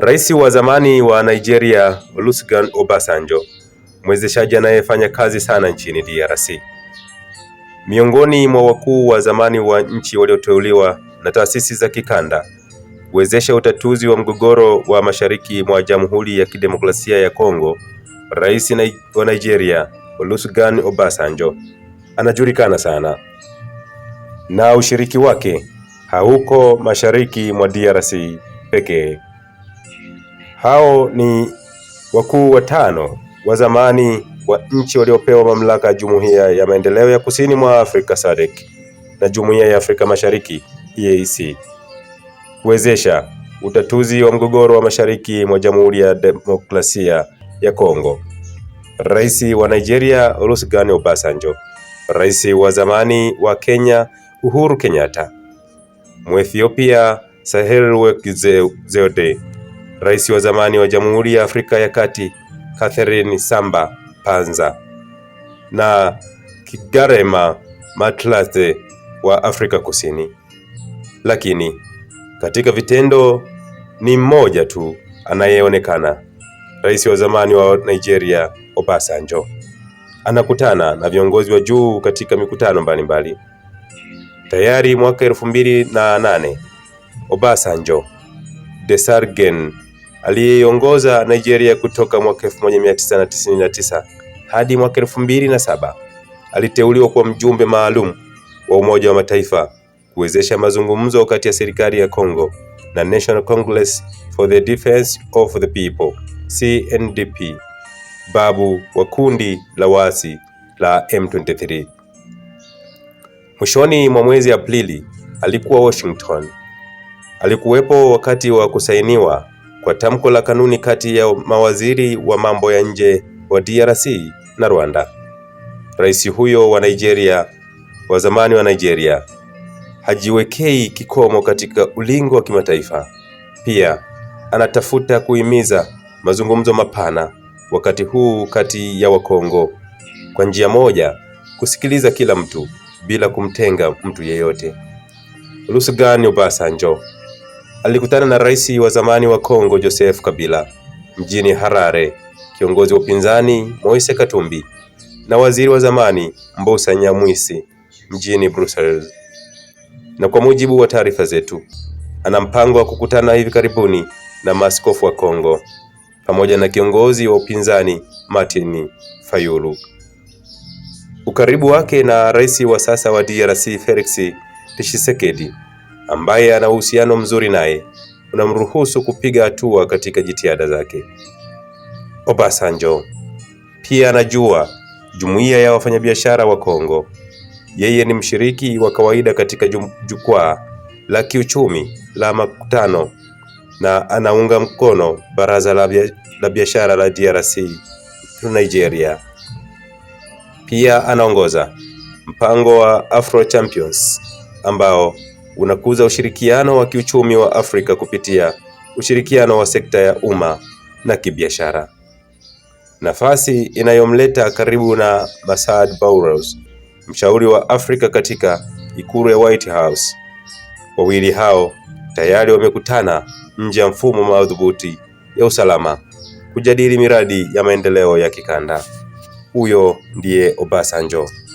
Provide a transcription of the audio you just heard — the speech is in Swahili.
Rais wa zamani wa Nigeria Olusegun Obasanjo, mwezeshaji anayefanya kazi sana nchini DRC. Miongoni mwa wakuu wa zamani wa nchi walioteuliwa na taasisi za kikanda kuwezesha utatuzi wa mgogoro wa mashariki mwa Jamhuri ya Kidemokrasia ya Kongo, Rais wa Nigeria Olusegun Obasanjo anajulikana sana na ushiriki wake hauko mashariki mwa DRC pekee. Hao ni wakuu watano wa zamani wa nchi waliopewa mamlaka ya Jumuiya ya Maendeleo ya Kusini mwa Afrika SADC na Jumuiya ya Afrika Mashariki EAC kuwezesha utatuzi wa mgogoro wa mashariki mwa Jamhuri ya Demokrasia ya Kongo. Rais wa Nigeria Olusegun Obasanjo, rais wa zamani wa Kenya Uhuru Kenyatta, Mwethiopia Sahle Work Zewde Rais wa zamani wa Jamhuri ya Afrika ya Kati Catherine Samba Panza na Kigarema Matlate wa Afrika Kusini. Lakini katika vitendo ni mmoja tu anayeonekana, rais wa zamani wa Nigeria Obasanjo anakutana na viongozi wa juu katika mikutano mbalimbali mbali. Tayari mwaka elfu mbili na nane Obasanjo Desargen aliyeiongoza Nigeria kutoka mwaka 1999 hadi mwaka 2007. Aliteuliwa kuwa mjumbe maalum wa Umoja wa Mataifa kuwezesha mazungumzo kati ya serikali ya Congo na National Congress for the Defense of the People CNDP, babu wa kundi la waasi la M23. Mwishoni mwa mwezi Aprili alikuwa Washington. Alikuwepo wakati wa kusainiwa kwa tamko la kanuni kati ya mawaziri wa mambo ya nje wa DRC na Rwanda. Rais huyo wa Nigeria wa zamani wa Nigeria hajiwekei kikomo katika ulingo wa kimataifa. Pia anatafuta kuhimiza mazungumzo mapana wakati huu kati ya Wakongo, kwa njia moja, kusikiliza kila mtu bila kumtenga mtu yeyote. Olusegun Obasanjo alikutana na rais wa zamani wa Kongo Joseph Kabila mjini Harare, kiongozi wa upinzani Moise Katumbi na waziri wa zamani Mbosa Nyamwisi mjini Brussels. Na kwa mujibu wa taarifa zetu, ana mpango wa kukutana hivi karibuni na maaskofu wa Kongo pamoja na kiongozi wa upinzani Martin Fayulu. Ukaribu wake na rais wa sasa wa DRC Felix Tshisekedi ambaye ana uhusiano mzuri naye unamruhusu kupiga hatua katika jitihada zake. Obasanjo pia anajua jumuiya ya wafanyabiashara wa Kongo. Yeye ni mshiriki wa kawaida katika jukwaa la kiuchumi la makutano na anaunga mkono baraza la biashara la DRC Nigeria. Pia anaongoza mpango wa Afro Champions ambao unakuza ushirikiano wa kiuchumi wa Afrika kupitia ushirikiano wa sekta ya umma na kibiashara, nafasi inayomleta karibu na Masad Bouros, mshauri wa Afrika katika ikulu ya White House. Wawili hao tayari wamekutana nje ya mfumo madhubuti ya usalama kujadili miradi ya maendeleo ya kikanda. Huyo ndiye Obasanjo.